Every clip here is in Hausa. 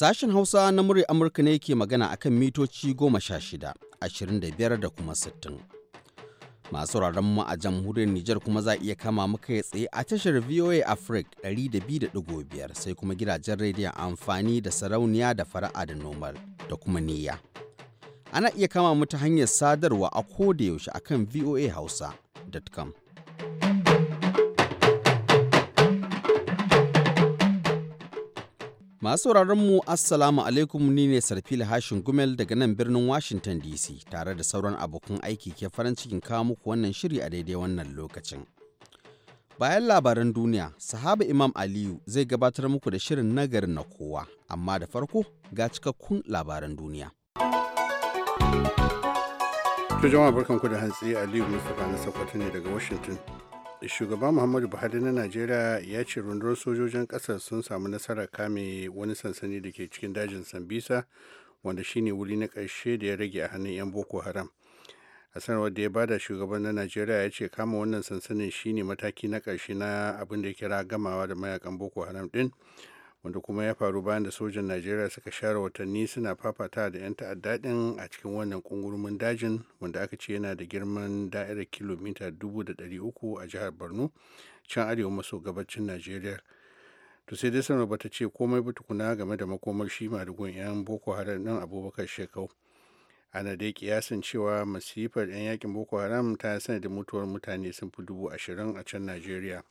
Sashen Hausa na murya Amurka ne ke magana kan mitoci goma sha shida, ashirin da biyar da kuma sittin. Masu mu a jamhuriyar Nijar kuma za iya kama muka ya tsaye a tashar VOA Africa biyar, sai kuma gidajen rediyon amfani da sarauniya da fara'a da nomal da kuma niyya. Ana iya kama mu ta hanyar sadarwa a koda yaushe akan voahausa.com. Masu mu Assalamu alaikum ni ne Sarfila Hashin Gumel daga nan birnin Washington DC tare da sauran abokan aiki ke farin cikin kawo muku wannan shiri a daidai wannan lokacin. Bayan labaran duniya, sahaba Imam Aliyu zai gabatar muku da shirin nagarin na kowa, amma da farko ga cikakkun labaran duniya. Tujama barkan barkanku da hantsi Aliyu Mustapha na Sokoto ne daga Washington. shugaban muhammadu buhari na najeriya ya ce rundunar sojojin kasar sun samu nasarar kame wani sansani da ke cikin dajin sambisa wanda shine wuri na ƙarshe da ya rage a hannun 'yan boko haram a sanarwar da ya bada shugaban na najeriya ya ce kama wannan sansanin shine mataki na karshe na abin da ya kira gamawa da mayakan boko haram din wanda kuma ya faru bayan da sojan najeriya suka share watanni suna fafata da 'yan ta'adda a cikin wannan kungurumin dajin wanda aka ce yana da girman da'irar kilomita dubu da uku a jihar borno can arewa maso gabacin najeriya to sai dai sanar bata ce komai ba tukuna game da makomar shi madugun 'yan boko haram din abubakar shekau ana dai kiyasin cewa masifar 'yan yakin boko haram ta sanar da mutuwar mutane sun fi dubu ashirin a can najeriya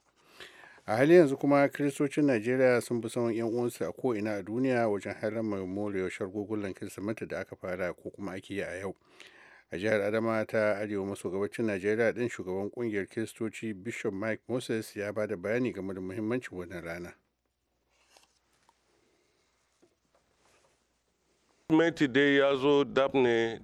a hali yanzu kuma kiristocin najeriya sun bi sauran yan uwansu a ko ko'ina a duniya wajen haramar more shargogulan kirsimeti da aka fara ko kuma ake yi a yau a jihar adama ta arewa maso gabacin najeriya din shugaban kungiyar kiristoci bishop mike moses ya ba da bayani game da muhimmancin wannan rana Mati dai ya zo dab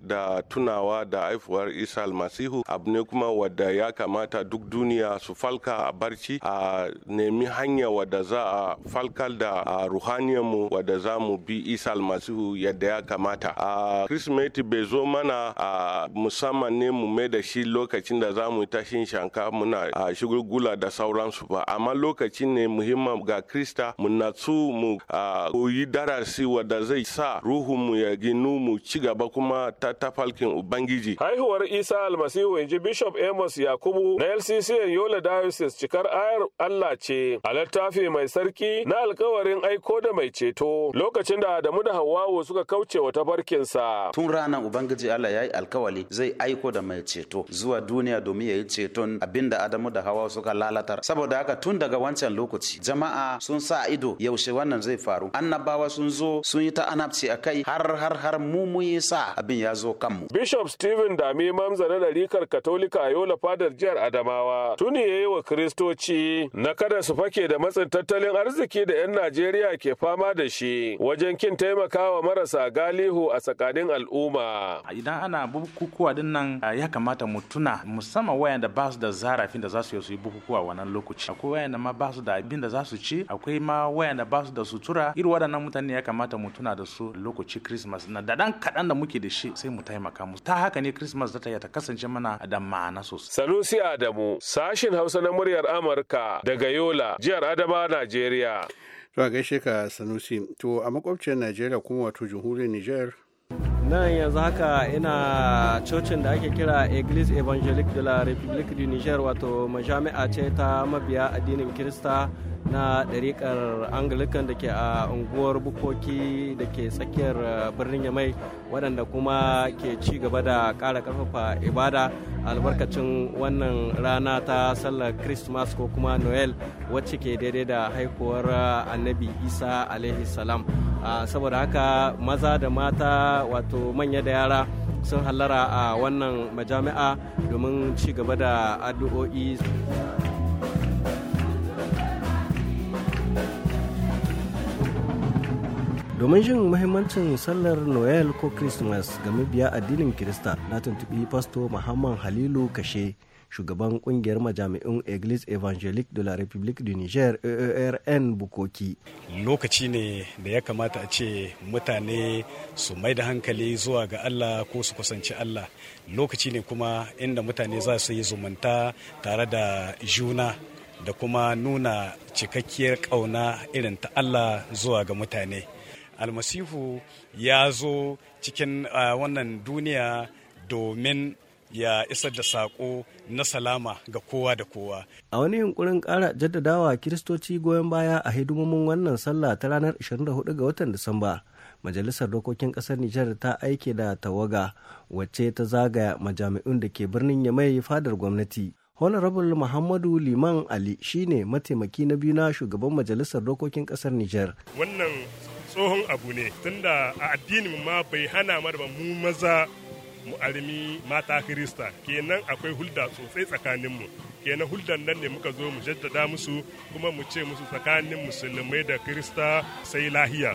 da tunawa da haifuwar Isa almasihu abu ne kuma wadda ya kamata duk duniya su falka a barci a nemi hanya wadda za a falkar da ruhaniyarmu wadda za mu bi Isa almasihu yadda ya kamata. A Kirsimeti bai zo mana a musamman ne mu mai da shi lokacin da za mu tashin shanka muna a shigulgula da sauransu ba amma lokacin ne muhimman ga Krista mu natsu mu koyi darasi wadda zai sa mu. ya ginu mu ci gaba kuma ta tafalkin ubangiji haihuwar isa almasihu in ji bishop amos yakubu na lcc yola diocese cikar ayar allah ce a littafi mai sarki na alkawarin aiko da mai ceto lokacin da adamu da hawawu suka kauce wa tafarkinsa tun ranar ubangiji allah ya yi alkawali zai aiko da mai ceto zuwa duniya domin ya yi ceton abinda adamu da hawa suka lalatar saboda haka tun daga wancan lokaci jama'a sun sa ido yaushe wannan zai faru annabawa sun zo sun yi ta anabci a kai har har har har mu mu yi sa abin ya zo kanmu. Bishop Stephen Dami Mamza na ɗarikar Katolika a Yola Fadar Jihar Adamawa tuni ya yi wa Kiristoci na kada su fake da matsin tattalin arziki da 'yan Najeriya ke fama da shi wajen kin taimakawa marasa galihu a tsakanin al'umma. Idan ana bukukuwa din nan ya kamata mu tuna musamman wayanda ba su da zarafin da za su yi bukukuwa wannan lokaci. Akwai wayanda ma ba su da abin da za su ci, akwai ma wayanda ba su da sutura, irin waɗannan mutane ya kamata mu tuna da su lokaci christmas na da dan kadan da muke da shi sai mu taimaka musu ta haka ne christmas zata ta ta kasance mana da ma'ana sosai sanusi adamu sashin hausa na muryar amurka daga yola jihar adama najeriya to a gaishe ka sanusi to a makwabciyar nigeria kuma wato jamhuriyar niger nan yanzu haka ina cocin da ake kira eglise evangelique de la republique du niger wato majami'a ce ta mabiya addinin kirista na ɗariƙar anglican da ke a unguwar bukoki da ke tsakiyar eh, birnin yamai waɗanda kuma ke ci gaba da ƙara ƙarfafa ibada albarkacin wannan rana ta sallar christmas ko kuma noel wacce ke daidai da haikuwar eh, annabi isa alaihi salam ah, saboda haka maza da mata wato manya da yara sun hallara a wannan majami'a domin ci gaba da addu'o'i domin jin mahimmancin sallar noel ko christmas ga mabiya addinin kirista na tuntubi pasto muhammad halilu kashe shugaban kungiyar majami'un eglise evangelique de la republique du niger eorn bukoki lokaci ne da ya kamata a ce mutane su mai da hankali zuwa ga allah ko su kusanci allah lokaci ne kuma inda mutane za su yi zumunta tare da juna da kuma nuna cikakkiyar ƙauna irin ta allah zuwa ga mutane almasihu ya zo cikin wannan duniya domin ya isar da sako na salama ga kowa da kowa. A wani yunkurin ƙara jaddadawa kiristoci goyon baya a hidimomin wannan sallah ta ranar 24 ga watan Disamba, Majalisar Dokokin Ƙasar Nijar ta aike da tawaga wacce ta zagaya majami'un da ke birnin ya Yamai fadar gwamnati. Honorable Muhammadu Liman Ali shine mataimaki na biyu na shugaban Majalisar Dokokin Ƙasar Nijar. Wannan tsohon abu ne tunda a addinin ma bai hana marba mu maza mu alimi mata Kirista kenan akwai hulda sosai tsakaninmu kenan huldan nan ne muka zo mu jaddada musu kuma mu ce musu tsakanin musulmai da Kirista sai lahiya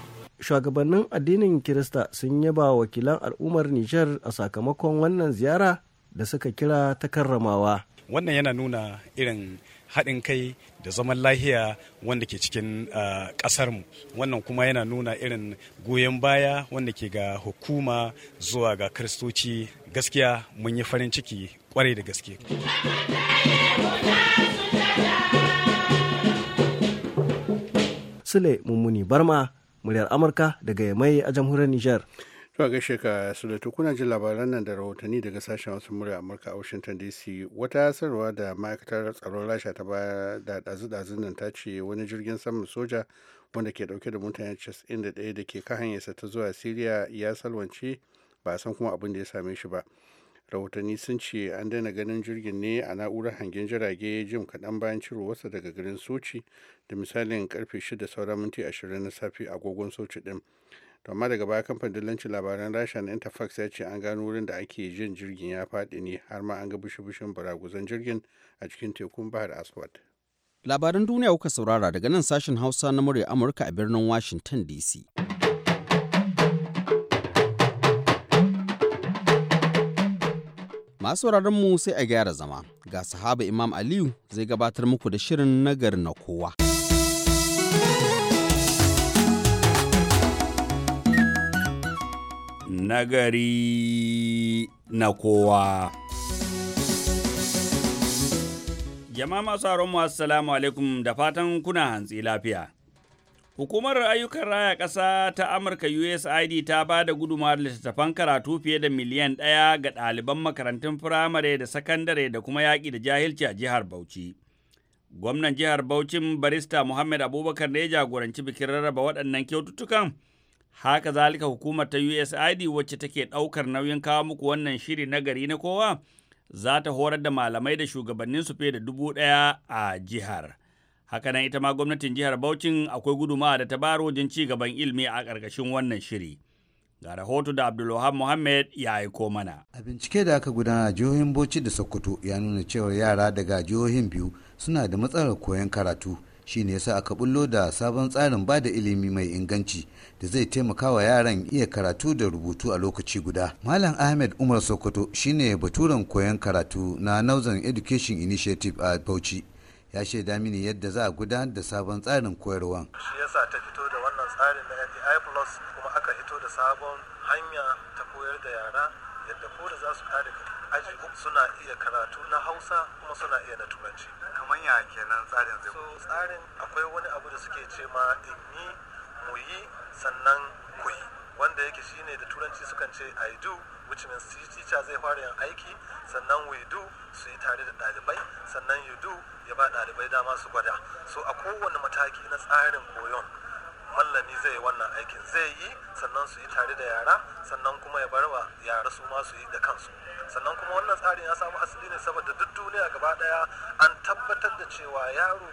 shugabannin addinin Kirista sun yaba wakilan al'ummar Nijar a sakamakon wannan ziyara da suka kira ta karramawa wannan yana nuna irin haɗin kai da zaman lahiya wanda ke cikin ah, ƙasarmu wannan kuma yana nuna irin goyon baya wanda ke ga hukuma zuwa ga kristoci gaskiya mun yi farin ciki kwarai da gaske sule mummuni barma muryar amurka daga mai a jamhuriyar nijar. To gaishe ka Sulatu kuna jin labaran nan da rahotanni daga sashen wasu murya Amurka a Washington DC wata sarwa da ma'aikatar tsaron Rasha ta baya da dazu-dazun nan ta ce wani jirgin saman soja wanda ke dauke da mutane 91 da ke hanyarsa ta zuwa Syria ya salwance ba san kuma abin da ya same shi ba. Rahotanni sun ce an daina ganin jirgin ne a na'urar hangen jirage jim kaɗan bayan cirowarsa daga garin soci da misalin karfe 6 sauran minti 20 na safe agogon soci din to amma daga baya kamfanin dillancin labaran rasha na interfax ya ce an gano wurin da ake jin jirgin ya faɗi ne har ma an ga bushe-bushen baraguzan jirgin a cikin tekun bahar aswad labaran duniya kuka saurara daga nan sashen hausa na murya amurka a birnin washington dc masu mu sai a gyara zama ga sahaba imam aliyu zai gabatar muku da shirin nagar na kowa nagari na kowa. Jama'a masu mu assalamu alaikum da fatan kuna hantsi lafiya. Hukumar ayyukan raya ƙasa ta Amurka USID ta ba da gudunmawar littattafan karatu fiye da miliyan ɗaya ga ɗaliban makarantun firamare da sakandare da kuma yaƙi da jahilci a jihar Bauchi. Gwamnan jihar Bauchin barista Muhammad Abubakar ne jagoranci bikin rarraba waɗannan kyaututtukan Haka zalika hukumar ta usid wacce take ɗaukar nauyin kawo muku wannan shiri na gari na kowa za ta horar da malamai da shugabannin su fiye da dubu ɗaya a jihar. haka Hakanan ita ma gwamnatin jihar Bauchin akwai gudumawa da ta bayar wajen ci gaban ilimi a ƙarƙashin wannan shiri. ga rahoto da abdulwahab muhammad ya aiko mana a bincike da aka gudana a jihohin bauchi da sokoto ya nuna cewa yara daga jihohin biyu suna da matsalar koyon karatu Shi ne yasa aka bullo da sabon tsarin ba da ilimi mai inganci da zai taimaka wa yaran iya karatu da rubutu a lokaci guda malam ahmed umar sokoto shine baturen koyon karatu na northern education initiative a bauchi ya shaida mini yadda za a gudanar da sabon tsarin koyarwan shi yasa ta fito da wannan tsarin na ndi plus kuma aka fito da sabon hanya ta koyar da yara yadda ko da za su kare aji suna iya karatu na hausa kuma suna iya na turanci kamar ya kenan tsarin zai so tsarin akwai wani abu da suke ce ma in yi mu yi sannan ku yi wanda yake shine da turanci sukan ce i do which means teacher zai fara yin aiki sannan we do su yi tare da ɗalibai sannan you do ya ba ɗalibai dama su gwada so a kowane mataki na tsarin koyon mallami zai yi wannan aikin zai yi sannan su yi tare da yara sannan kuma ya bar wa yara su ma su yi da kansu sannan kuma wannan tsarin ya samu asali ne saboda duk duniya gaba daya an tabbatar da cewa yaro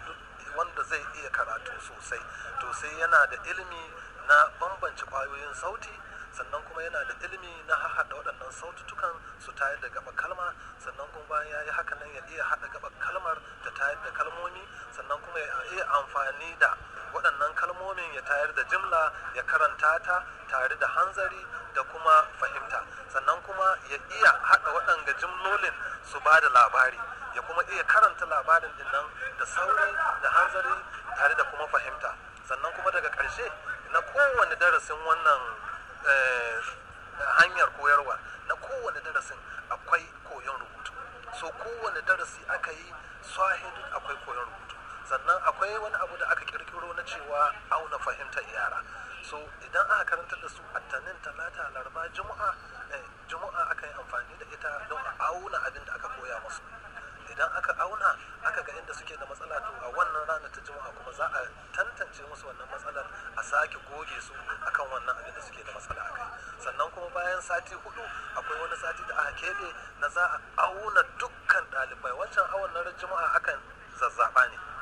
wanda zai iya karatu sosai to sai yana da ilimi na bambance kwayoyin sauti sannan kuma yana da ilimi na haɗa waɗannan sautukan su tayar da gaba kalma sannan kuma bayan ya yi haka nan ya iya haɗa gaba kalmar ta tayar da kalmomi sannan kuma ya iya amfani da waɗannan kalmomin ya tayar da jimla ya karanta ta tare da hanzari da kuma fahimta sannan kuma ya iya haɗa waɗanga jimlolin su ba da labari ya kuma iya karanta labarin din nan da sauri da hanzari tare da kuma fahimta sannan kuma daga ƙarshe na kowane darasin wannan eh, hanyar koyarwa na kowane darasin akwai koyon rubutu so kowane darasi aka yi swahili akwai koyon rubutu sannan akwai wani abu da aka kirkiro na cewa auna fahimtar yara so idan aka karanta da su attanin talata laraba juma'a eh, juma'a aka yi amfani da ita don a auna abin da aka koya musu idan aka auna aka ga inda suke da matsala to a wannan ranar ta juma'a kuma za a tantance musu wannan matsalar a sake goge su akan wannan abin da suke da matsala a kai sannan kuma bayan sati hudu akwai wani sati da aka keɓe na za a auna dukkan ɗalibai wancan awon na juma'a akan zazzaɓa ne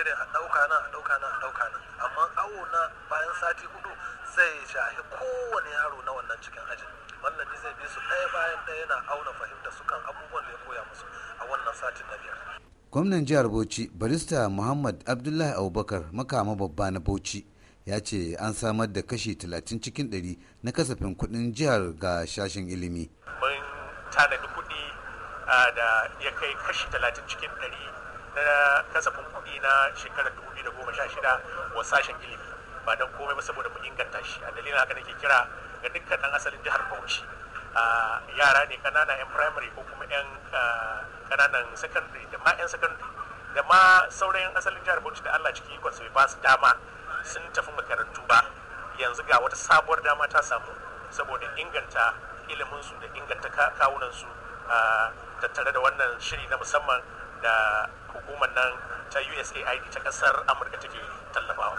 irin a ɗauka nan a ɗauka nan a ɗauka nan amma awo na bayan sati hudu zai shahi kowane yaro na wannan cikin ajin mallami zai bi su ɗaya bayan ɗaya yana auna fahimta su kan abubuwan da ya koya musu a wannan satin na biyar. gwamnan jihar bauchi barista muhammad abdullahi abubakar makama babba na bauchi ya ce an samar da kashi 30 cikin 100 na kasafin kuɗin jihar ga shashin ilimi. mun tanadi kuɗi da ya kai kashi 30 cikin 100 na kasafin kuɗi na shekarar 2016 wa sashen ilimi ba don komai ba saboda mu inganta shi a dalilin haka nake kira ga dukkan ɗan asalin jihar Bauchi yara ne kanana 'yan primary ko kuma 'yan kananan secondary da ma 'yan secondary da ma sauran 'yan asalin jihar Bauchi da Allah ciki ikon su ba su dama sun tafi makarantu ba yanzu ga wata sabuwar dama ta samu saboda inganta iliminsu da inganta kawunansu tattare da wannan shiri na musamman da hukumar nan ta usaid ta kasar amurka take tallafawa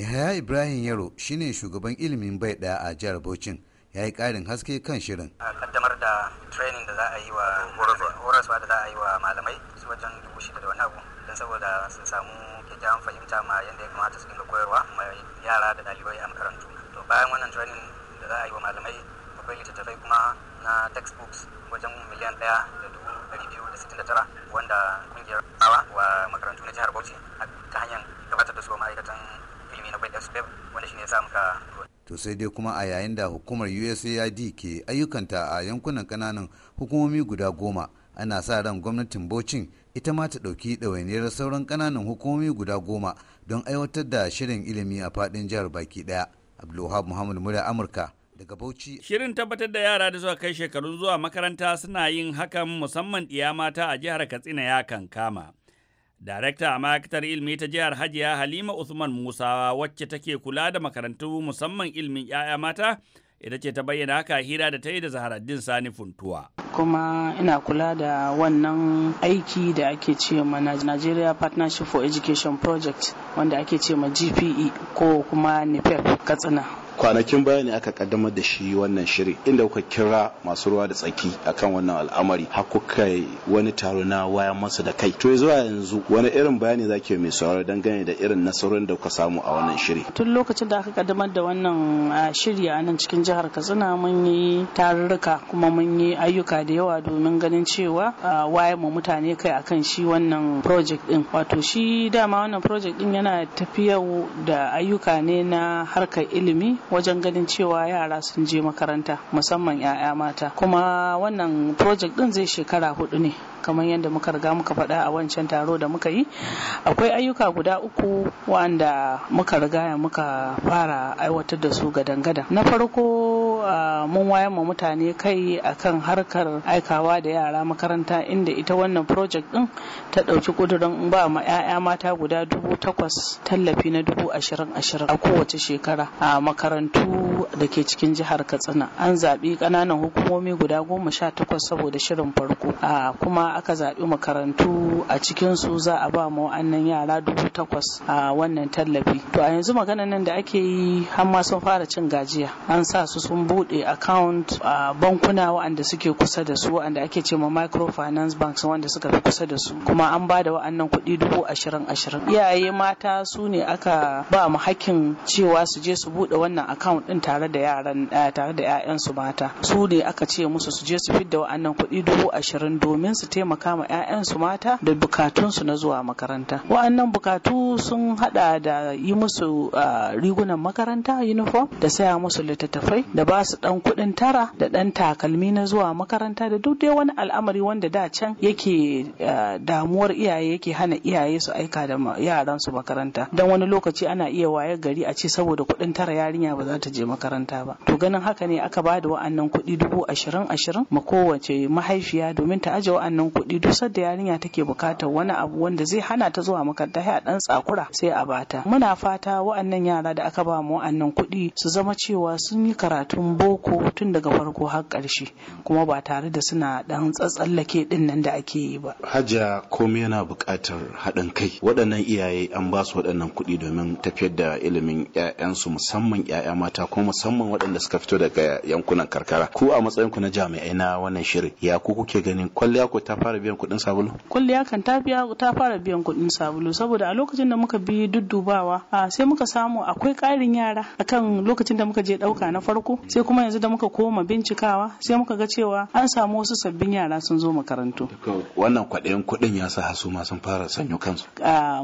yahaya ibrahim yaro shine shugaban ilimin bai daya a jihar bauchin ya yi ƙarin haske kan shirin a kaddamar da training da za a yi wa horaswa da za a yi wa malamai su wajen dubu shida da wani abu don saboda sun samu kyakkyawan fahimta ma yadda ya kamata su dinga koyarwa ma yara da ɗalibai a makarantu to bayan wannan training da za a yi wa malamai akwai littattafai kuma na textbooks wajen miliyan ɗaya da dubu wanda kungiyar awa wa jihar Bauchi ta hanyar gabatar da su ma'aikatan ilimi na bai shine ya to sai dai kuma a yayin da hukumar USAID ke ayyukanta a yankunan kananan hukumomi guda goma ana sa ran gwamnatin bocin ita ma ta ɗauki ɗawainiyar sauran kananan hukumomi guda goma don aiwatar da shirin ilimi a faɗin jihar baki ɗaya. Abdulwahab Muhammad Murya Amurka daga Bauchi. Shirin tabbatar da yara da suka kai shekarun zuwa makaranta suna yin hakan musamman ɗiya mata a jihar Katsina ya kankama. Darekta a ma'aikatar Ilmi ta jihar Hajiya Halima Usman Musa wacce take kula da makarantu musamman ilmin 'ya'ya mata ita ce ta bayyana haka hira da ta yi da zaharaddin sani funtuwa kuma ina kula da wannan aiki da ake ce ma nigeria partnership for education project wanda ake ce ma gpe ko kuma nipep e katsina kwanakin baya ne aka kaddamar da shi wannan shiri inda kuka kira masu ruwa da tsaki akan wannan al'amari har kuka wani taro na waya masa da kai to zuwa yanzu wani irin bayani zake mai sauraro dangane da irin nasarorin da kuka samu a wannan shiri tun lokacin da aka kaddamar da wannan shiri a nan cikin jihar Katsina mun yi tarurruka kuma mun yi ayyuka da yawa domin ganin cewa wayar mu mutane kai akan shi wannan project din wato shi dama wannan project din yana tafiyar da ayyuka ne na harkar ilimi wajen ganin cewa yara sun je makaranta musamman 'ya'ya mata kuma wannan project din zai shekara hudu ne kamar yadda muka riga muka faɗa a wancan taro da muka yi akwai ayyuka guda uku wanda muka riga muka fara aiwatar da su gadan-gadan na farko mun wayar ma mutane kai akan harkar aikawa da yara makaranta inda ita wannan project din ta ɗauki ƙudurin ba ma 'ya'ya mata guda dubu takwas tallafi na dubu ashirin ashirin a kowace shekara a makarantu da ke cikin jihar katsina an zaɓi ƙananan hukumomi guda goma sha takwas saboda shirin farko a kuma aka zaɓi makarantu a cikin su za a ba ma wa'annan yara dubu takwas a wannan tallafi to a yanzu maganan nan da ake yi har ma sun fara cin gajiya an sa su sun bu buɗe account a bankuna waɗanda suke kusa da su waɗanda ake ce ma microfinance banks wanda suka fi kusa da su kuma an ba da wa'annan kuɗi dubu ashirin ashirin iyaye mata su ne aka ba mu hakkin cewa su je su buɗe wannan account ɗin tare da yaran eh, tare da 'ya'yansu mata su ne aka ce musu su je su fidda wa'annan kuɗi dubu ashirin domin su taimaka ma 'ya'yansu mata da bukatunsu na zuwa makaranta wa'annan bukatu sun hada da yi musu eh, rigunan makaranta uniform da saya musu littattafai da ba su dan kuɗin tara da dan takalmi na zuwa makaranta da duk dai wani al'amari wanda da can yake eh, damuwar iyaye yake hana iyaye su aika da yaran su makaranta dan wani lokaci ana iya waye gari a ce saboda kuɗin tara yarinya ba za ta je makaranta ba to ganin haka ne aka bada da wa'annan kuɗi dubu ashirin ashirin ma kowace mahaifiya domin ta aje wa'annan kuɗi duk sadda yarinya take bukatar wani abu wanda zai hana ta zuwa makaranta sai a dan tsakura sai a bata muna fata wa'annan yara da aka ba mu wa'annan kuɗi su zama cewa sun yi karatun boko tun daga farko har ƙarshe kuma ba tare da suna ɗan tsatsallake ɗin nan da ake yi ba. hajja komai yana buƙatar haɗin kai waɗannan iyaye an ba su waɗannan kuɗi domin tafiyar da ilimin 'ya'yansu musamman 'ya'ya mata ko musamman waɗanda suka fito daga yankunan karkara. Ku a matsayinku na jami'ai na wannan shirin ya ku kuke ganin kwalliya ko ta fara biyan kuɗin sabulu? Kwalliya kan ta fara biyan kuɗin sabulu saboda a lokacin da muka bi duddubawa sai muka samu akwai ƙarin yara akan lokacin da muka je ɗauka na farko sai sai kuma yanzu da muka koma bincikawa sai muka ga cewa an samu wasu sabbin yara sun zo makarantu wannan kwaɗayin kuɗin ya sa hasu ma sun fara sanyo kansu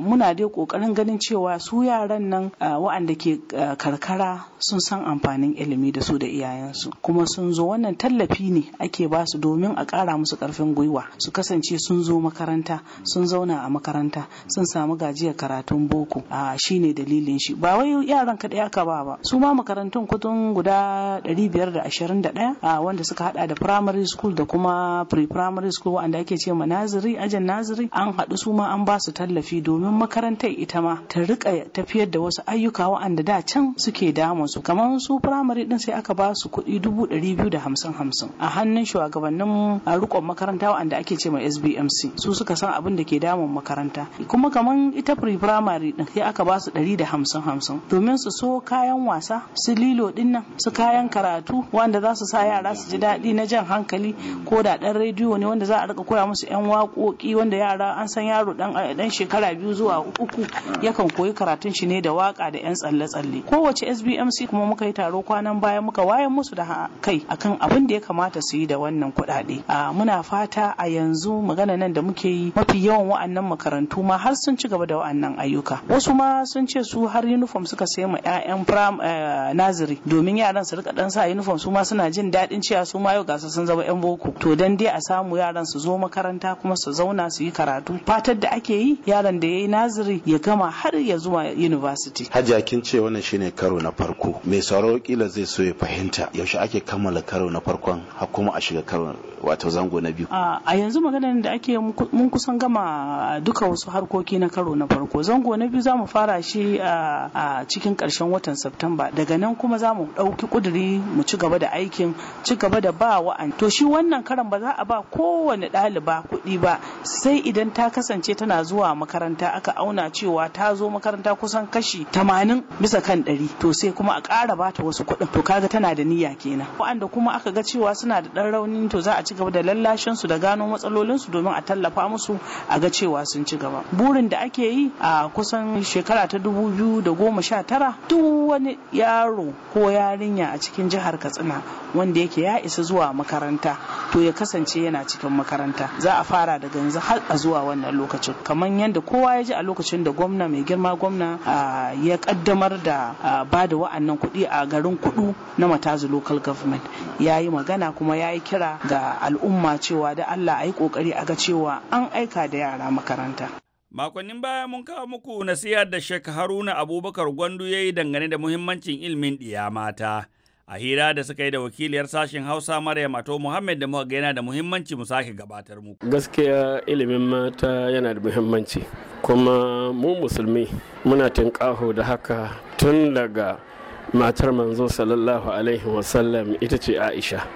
muna dai ƙoƙarin ganin cewa su yaran nan wa'anda ke karkara sun san amfanin ilimi da su da iyayensu kuma sun zo wannan tallafi ne ake ba su domin a ƙara musu ƙarfin gwiwa su kasance sun zo makaranta sun zauna a makaranta sun samu gajiyar karatun boko a shine dalilin shi ba wai yaran kaɗai aka ba ba su ma makarantun kudin guda 521 wanda suka hada da primary school da kuma pre-primary school wanda ake ce naziri ajin naziri an haɗu su ma an ba su tallafi domin makarantar ita ma ta rika tafiyar da wasu ayyuka wa'anda da can suke damun su kamar su primary din sai aka ba su kuɗi dubu ɗari biyu da hamsin hamsin a hannun shugabannin rikon makaranta wa'anda ake ce ma SBMC su suka san abin da ke damun makaranta kuma kamar ita pre-primary din sai aka ba su ɗari da hamsin hamsin domin su so kayan wasa su lilo dinnan su kayan karatu wanda za su sa yara su ji daɗi na jan hankali ko da ɗan rediyo ne wanda za a rika koya musu 'yan waƙoƙi wanda yara an san yaro eh, ɗan shekara biyu zuwa uku yakan koyi karatun shi ne da waƙa da 'yan tsalle-tsalle kowace sbmc kuma muka yi taro kwanan baya muka wayan musu da kai akan abin da ya kamata su yi da wannan kuɗaɗe muna fata a yanzu magana nan da muke yi mafi yawan wa'annan makarantu ma har sun ci gaba da wa'annan ayyuka wasu ma sun ce su har uniform suka sayi ma 'ya'yan naziri eh, domin yaran su rika dan sa uniform su ma suna jin daɗin cewa su ma yau gasa sun zama yan boko to dan dai a samu yaran su zo makaranta kuma su zauna su yi karatu fatar da ake yi yaran da yayi naziri ya gama har ya zuwa university hajja kin ce wannan shine karo na farko mai sauraro kila zai so ya fahimta yaushe ake kammala karo na farkon har kuma a shiga karo wato zango na biyu a yanzu maganar da ake mun kusan gama duka wasu harkoki na karo na farko zango na biyu za mu fara shi a cikin karshen watan september daga nan kuma za mu ɗauki ƙuduri mu ci gaba da aikin ci gaba da ba an to shi wannan karan ba za a ba kowane ɗaliba kuɗi ba sai idan ta kasance tana zuwa makaranta aka auna cewa ta zo makaranta kusan kashi tamanin bisa kan ɗari to sai kuma a ƙara bata wasu kuɗin to kaga tana da niyya kenan wa'anda kuma aka ga cewa suna da ɗan rauni to za a ci gaba da lallashin su da gano matsalolin su domin a tallafa musu a ga cewa sun ci gaba burin da ake yi a kusan shekara ta dubu biyu da goma sha tara duk wani yaro ko yarinya a cikin cikin jihar katsina wanda yake ya isa zuwa makaranta to ya kasance yana cikin makaranta za a fara daga yanzu har a zuwa wannan lokacin kamar yadda kowa ya ji a lokacin da gwamna mai girma gwamna ya kaddamar da ba da wa'annan kuɗi a garin kudu na matazu local government ya yi magana kuma ya yi kira ga al'umma cewa da allah a yi kokari a ga cewa an aika da yara makaranta Makonnin baya mun kawo muku siyar da Sheikh Haruna Abubakar Gwandu ya yi dangane da muhimmancin ilimin ɗiya mata. a hira da suka yi da wakiliyar sashen hausa maryam ato muhammad da muka yana da muhimmanci mu sake gabatar mu. gaskiya ilimin mata yana da muhimmanci kuma mu musulmi muna tinkaho da haka tun daga matar manzo sallallahu alaihi wasallam ita ce aisha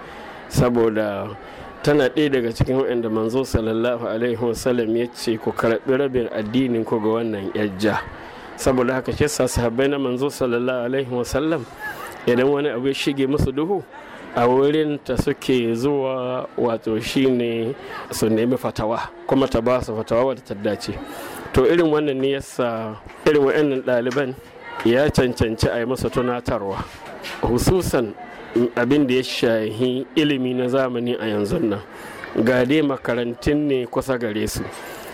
saboda tana ɗaya daga cikin waɗanda manzo sallallahu alaihi wasallam ya ce ku karɓi rabin addinin ku ga wannan yajja saboda haka shi sahabbai na manzo sallallahu alaihi wasallam idan wani abu ya shige musu duhu a wurin ta suke zuwa wato shine su nemi fatawa kuma ta ba su fatawa wadda ta dace to irin wannan ne yasa irin wa'annan ɗaliban ya cancanci a yi masa tunatarwa hususan abin da ya shahi ilimi na zamani a yanzu nan ga dai makarantun ne kusa gare su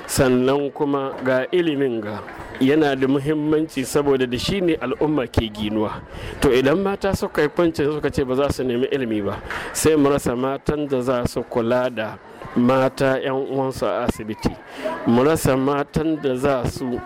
sannan kuma ga ilimin ga yana da muhimmanci saboda da shi ne al'umma ke ginuwa to idan mata suka yi kwanci suka ce ba za su nemi ilimi ba sai mu rasa matan da za su kula da mata 'yan uwansu a asibiti mu rasa matan da za su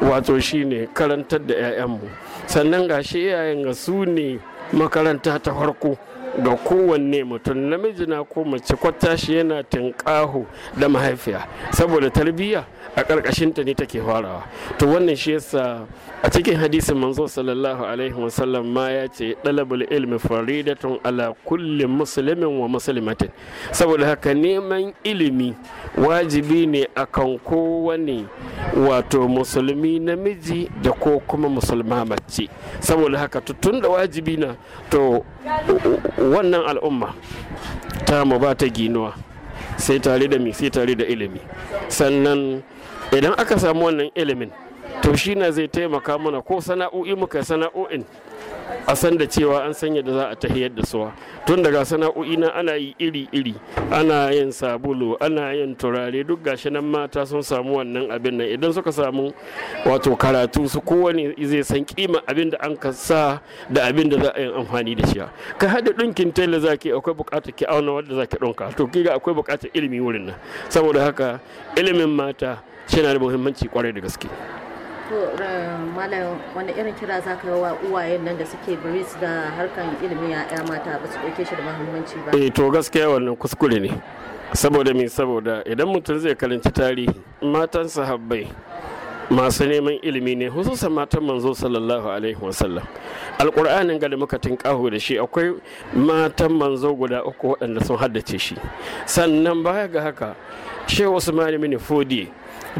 wato shine karantar da 'ya'yanmu sannan gashi iyayen ga su ne makaranta ta farko ga kowanne mutum namiji na ko mace kwata shi yana tunƙahu da mahaifiya saboda tarbiyya a ƙarƙashinta ne take farawa to wannan shi yasa a cikin hadisin manzo sallallahu alaihi wasallam ma ya ce dalabul ilmi faridatun ala kulli musulmin wa musulmatin saboda haka neman ilimi wajibi ne akan kowane wato musulmi namiji da ko kuma musulma mace saboda haka tun da wajibi na to wannan al'umma ta mu ba ta ginuwa sai tare da mi sai tare da ilimi sannan idan aka samu wannan ilimin to shi na zai taimaka mana ko sana'o'i muka sana'o'in a san da cewa an san da za a tahiyar da suwa tun daga sana'o'i na ana yi iri-iri ana yin sabulu ana yin turare duk gashi nan mata sun samu wannan abin nan idan suka samu wato karatu su kowane zai san kima abin da an ka sa da abin da za a yi amfani da shi ka hada ɗinkin tela za ki akwai bukatar ki auna wanda za ki ɗinka to kiga akwai bukatar ilimi wurin nan saboda haka ilimin mata yana da muhimmanci kwarai da gaske Eh, malam wani irin kira za ka yi wa uwayen nan da suke biris da harkan ilimin ya'ya mata ba su ɗauke shi da mahimmanci ba eh, to gaskiya wannan kuskure ne saboda me saboda idan mutum zai karanci tarihi matan sahabbai masu neman ilimi ne hususan matan manzo sallallahu alaihi wasallam alƙur'anin ga da muka tinƙaho da shi akwai matan manzo guda uku waɗanda sun haddace shi sannan baya ga haka shehu usman mini fodi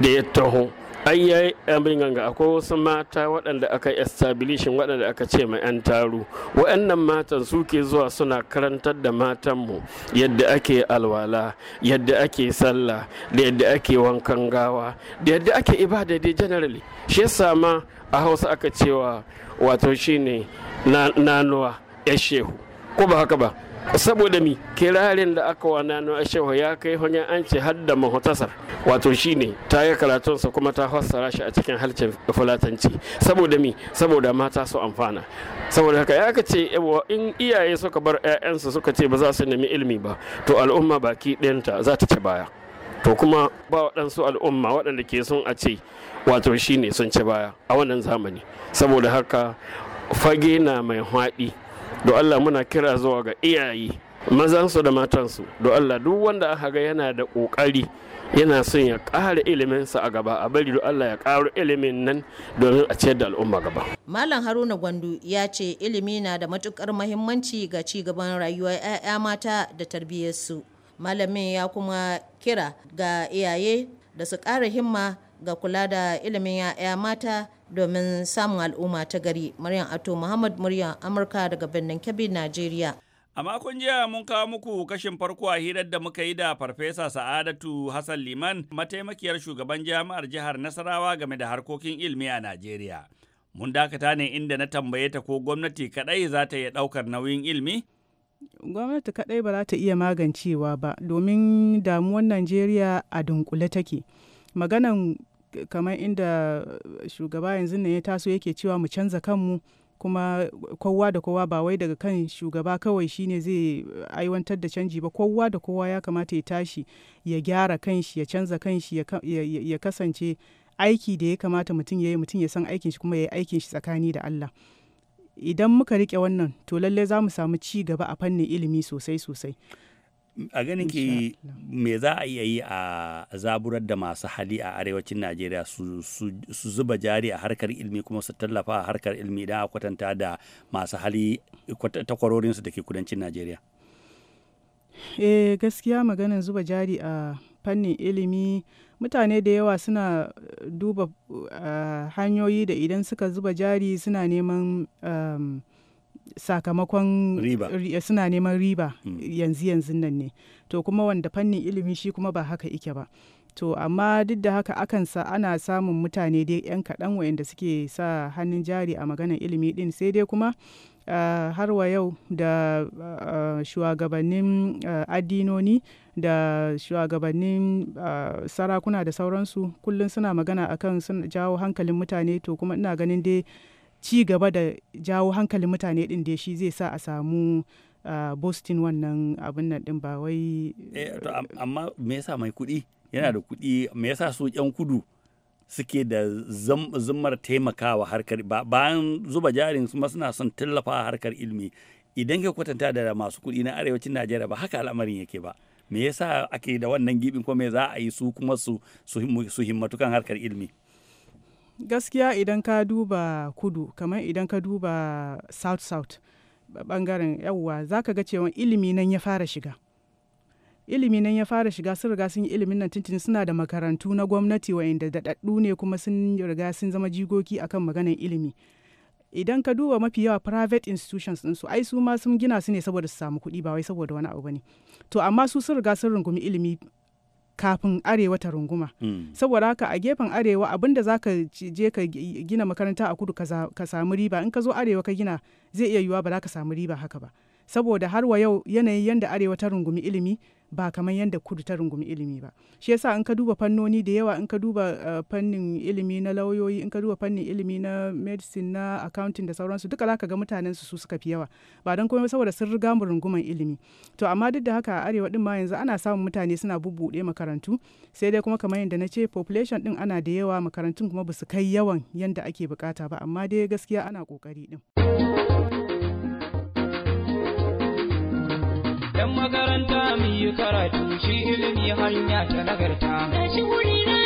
da ya taho ayyai yayi ganga akwai wasu mata waɗanda aka establishin waɗanda aka ce mai 'yan taru waɗannan matan suke zuwa suna karantar da matanmu yadda ake alwala yadda ake sallah da yadda ake wankan gawa da yadda ake ibada dai generally shi yasa ma a hausa aka cewa wato shine nanuwa ya shehu ko ba haka ba saboda mi kirarin da aka wana na ashewa ya kai hanyar an ce hadda mahotasar wato shine ta yi karatunsa kuma ta hasara shi a cikin halcin fulatanci saboda mi saboda mata su amfana saboda haka ya ce in iyaye suka bar 'ya'yansu suka ce ba za su nemi ilimi ba to al'umma baki ɗinta za ta ci baya to kuma ba waɗansu al'umma waɗanda ke sun a ce wato shine sun ci baya a wannan zamani saboda haka fage na mai haɗi do Allah muna kira zuwa ga iyaye mazansu da matansu do Allah duk wanda aka ga yana da kokari yana son ya ƙara iliminsa a gaba a bari do Allah ya ƙaro ilimin nan domin a ciyar da al'umma gaba. Malam Haruna Gwandu ya ce ilimi na da matukar muhimmanci ga ci gaban rayuwar 'ya'ya mata da tarbiyyarsu. Malamin ya kuma kira ga iyaye da su kara himma ga kula da ilimin 'ya'ya mata domin samun al'umma ta gari Maryam Ato Muhammad Murya Amurka daga birnin Kebbi Najeriya. A makon jiya mun kawo muku kashin farko a hirar da muka yi da Farfesa Sa'adatu Hassan Liman mataimakiyar shugaban jami'ar jihar Nasarawa game da harkokin ilmi a Najeriya. Mun dakata ne inda na tambaye ta ko gwamnati kadai za ta iya daukar nauyin ilmi? Gwamnati kadai ba za ta iya magancewa ba domin damuwar Najeriya a dunkule take. Maganan kamar inda eh, shugaba yanzu ne ya taso yake cewa mu canza kanmu kuma kowa da kowa ba wai daga kan shugaba kawai shine zai eh, aiwantar da canji ba kowa da kowa ya kamata ya tashi ya gyara kanshi ya canza kanshi ya kasance aiki da ya kamata mutum ya yi mutum ya san aikin shi kuma ya yi aikin shi tsakani da Allah idan muka rike wannan to lallai za mu samu ci gaba a fannin ilimi sosai sosai a ganin ki me za a iya yi a zaburar da masu hali a arewacin najeriya su zuba jari a harkar ilmi kuma su tallafa a harkar ilmi idan a kwatanta da masu hali takwarorinsu da ke kudancin najeriya eh gaskiya maganin zuba jari a fannin ilimi mutane da yawa suna duba eh, hanyoyi da idan suka zuba jari suna neman um, sakamakon suna neman riba hmm. yanzu yanzu nan ne to kuma wanda fannin ilimi shi kuma ba haka ike ba to amma duk da haka akan sa ana samun mutane dai yan kaɗan wayanda suke sa hannun jari a maganar ilimi din sai dai kuma ah, har wa yau da uh, shugabannin ah, addinoni da shugabannin sarakuna da sauransu kullum suna magana akan sun jawo hankalin mutane to kuma ina ganin dai ci gaba da jawo hankalin mutane din da shi zai sa a samu boston wannan abin nan din ba wai eh, amma me yasa mai kuɗi yana da kuɗi me yasa su yan kudu suke da zummar taimakawa harkar bayan zuba jarin su suna son tallafa harkar ilimi idan ka kwatanta da masu kuɗi na arewacin najeriya ba haka al'amarin yake ba me yasa ake da wannan gibin ko me za a yi su kuma su su himmatu kan harkar ilimi gaskiya idan ka duba kudu kamar idan ka duba south south bangaren yawwa za ka ga cewa ilimi nan ya fara shiga ilimi nan ya fara shiga sun riga sun yi ilimin nan tuntun suna da makarantu na gwamnati wa'inda daɗaɗɗu ne kuma sun riga sun zama jigoki akan maganar ilimi idan ka duba mafi yawa private institutions din su ai su ma sun gina su ne saboda su samu kuɗi ba wai saboda wani abu ba ne to amma su sun riga sun rungumi ilimi kafin arewa ta runguma hmm. saboda haka a gefen arewa abun da zaka je ka gina makaranta a kudu ka samu riba in ka zo arewa ka gina zai iya yiwuwa ba za ka samu riba haka ba saboda har wa yau yanayin yadda arewa ta rungumi ilimi ba kamar yadda kudu ta rungumi ilimi ba shi yasa in ka duba fannoni da yawa in ka duba eh, fannin ilimi na lauyoyi in ka duba fannin ilimi na medicine na accounting da sauransu duka zaka ga mutanen su su suka fi yawa ba dan komai saboda sun riga mu runguman ilimi to amma duk da haka a arewa din ma yanzu ana samun mutane suna bubbude makarantu sai dai kuma kamar yadda na ce population din ana da yawa makarantun kuma ba su kai yawan yadda ake bukata ba amma dai gaskiya ana kokari din. 'yan makaranta mu karatu shi ilimi hanya ta nagarta. shi wuri na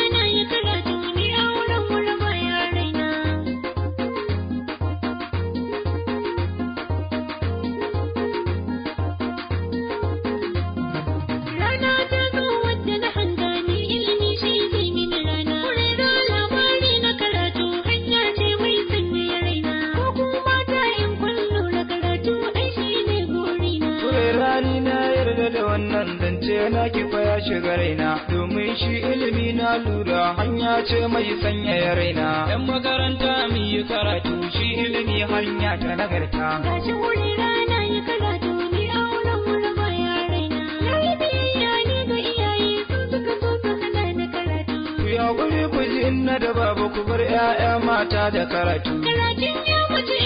ce mai sanyaya raina yan makaranta mu yi karatu shi ilimi hanya ta nagarta gashi wuri rana yi karatu ni a wurin baya raina na yi biyayya ne ga iyaye su suka so su hana karatu ya guri ku ji inna da babu ku bar 'ya'ya mata da karatu karatun ya mace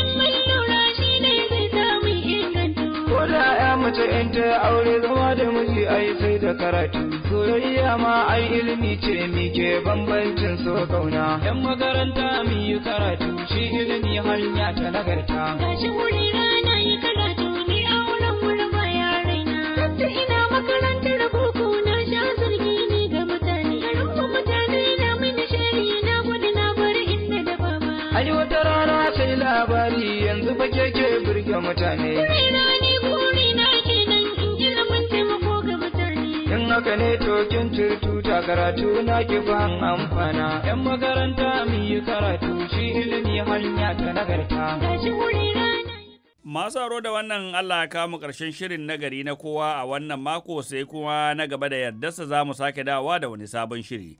ta in ta aure zama da miji ai sai da karatu soyayya ma ai ilimi ce mi ke bambancin so kauna yan makaranta mi yi karatu shi ilimi hanya ta nagarta gashi wuri rana yi karatu ni auren wurin ba yarena kanta ina makarantar boko na sha zargi ni ga mutane garin mutane na mini shari na gudu na bar inda da baba ai wata rana sai labari yanzu fa ke burge mutane haka ne tokin ta karatu na kifan amfana yan makaranta mu yi karatu shi ilimi hanya ta nagarta Masu aro da wannan Allah ka mu ƙarshen shirin nagari na kowa a wannan mako sai kuma na gaba da yardarsa za mu sake dawa da wani sabon shiri.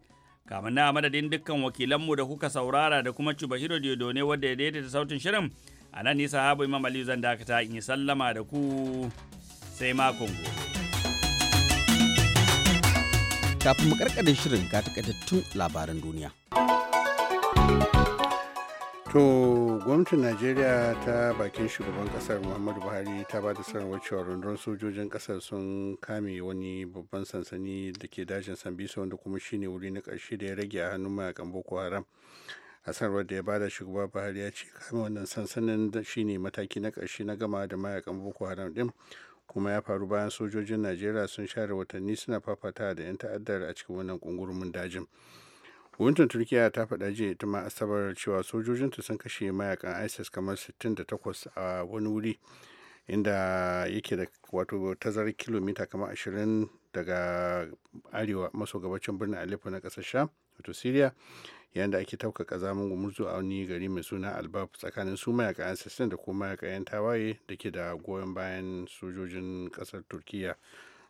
Kamar na madadin dukkan wakilanmu da kuka saurara da kuma Cubahiro Diodo ne wadda ya daidaita sautin shirin a nan nisa habu Imam Aliyu zan dakata in yi sallama da ku sai makon gobe. kafin mu karkare shirin ga takaitattun labaran duniya. To gwamnatin Najeriya ta bakin shugaban kasar Muhammadu Buhari ta ba da sanarwar cewa rundunar sojojin kasar sun kame wani babban sansani da ke dajin Sambisa wanda kuma shine wuri na ƙarshe da ya rage a hannun mayakan Boko Haram. a sanarwar da ya bada shugaba buhari ya ce kame wannan sansanin shine mataki na ƙarshe na gama da mayakan boko haram din kuma ya faru bayan sojojin najeriya sun share watanni suna fafata da 'yan ta'addar a cikin wannan kungurumin dajin gwamnatin turkiya ta faɗa jiya ita ma asabar cewa sojojinta sun kashe mayakan isis kamar 68 a wani wuri inda yake da wato tazarar kilomita kamar 20 daga arewa maso gabacin birnin aleppo na ƙasar sham wato syria yayin da ake tauka zaman gumurzu a wani gari mai suna albab tsakanin su mayakan assistant da kuma 'yan tawaye da ke da goyon bayan sojojin kasar turkiya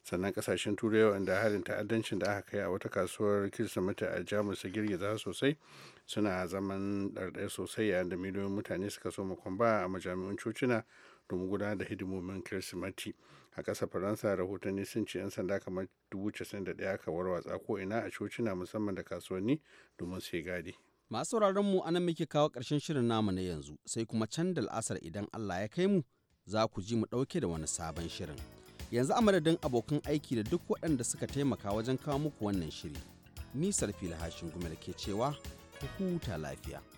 sannan kasashen turai wanda harin ta'addancin da aka kai a wata kasuwar kirsimeti a jamus ta girgiza sosai suna zaman ɗarɗaya sosai yayin da miliyoyin mutane suka so makwamba a majami'un cocina domin gudanar da hidimomin kirsimati a ƙasar faransa rahotanni sun ce 'yan sanda kamar dubu 91 aka warwatsa ko ina a cocina musamman da kasuwanni domin sai gadi masu sauraron mu anan muke kawo ƙarshen shirin namu na yanzu sai kuma can da al'asar idan allah ya kai mu za ku ji mu ɗauke da wani sabon shirin yanzu a madadin abokan aiki da duk waɗanda suka taimaka wajen kawo muku wannan shiri ni lahashin hashin da ke cewa ku huta lafiya